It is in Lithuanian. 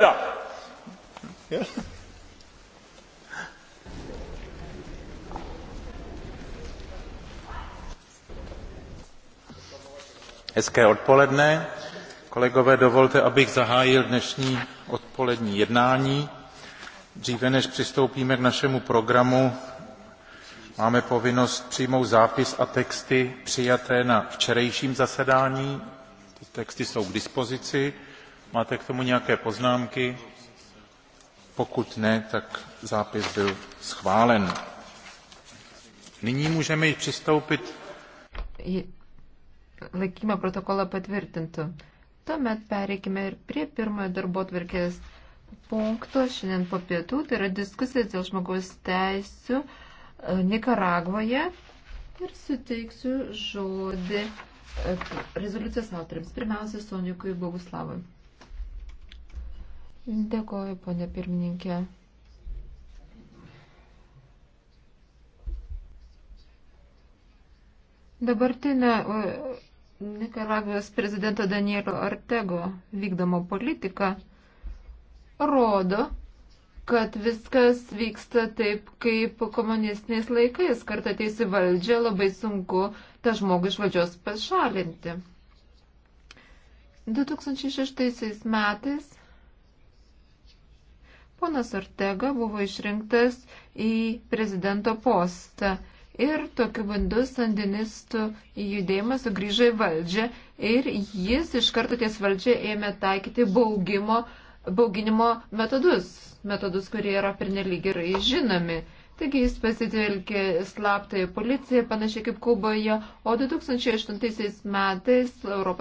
Ja. ja. Hezké odpoledne. Kolegové, dovolte, abych zahájil dnešní odpolední jednání. Dříve než přistoupíme k našemu programu, máme povinnost přijmout zápis a texty přijaté na včerejším zasedání. Ty texty jsou k dispozici. Máte k tomu nějaké poznámky? Pokud ne, tak zápis byl schválen. Nyní můžeme již přistoupit. Laikymo protokolą patvirtintų. Tuomet pereikime ir prie pirmojo darbo tvarkės punkto šiandien po pietų, tai yra diskusija dėl žmogaus teisų e, Nikaragvoje ir suteiksiu žodį e, rezoliucijos autoriams. Pirmiausia, Sonikui Boguslavui. Dėkoju, ponė pirmininkė. Dabartinė Nikaragvės prezidento Danielio Artego vykdoma politika rodo, kad viskas vyksta taip, kaip komunistiniais laikais. Kartą ateisi valdžia, labai sunku tą žmogų iš valdžios pašalinti. 2006 metais Ponas Ortega buvo išrinktas į prezidento postą ir tokiu būdu sandinistų judėjimas sugrįžo į valdžią ir jis iš karto ties valdžia ėmė taikyti baugimo, bauginimo metodus, metodus, kurie yra pernelyg gerai žinomi. Taigi jis pasitelkė slaptąją policiją, panašiai kaip Kuboje, o 2008 metais Europos.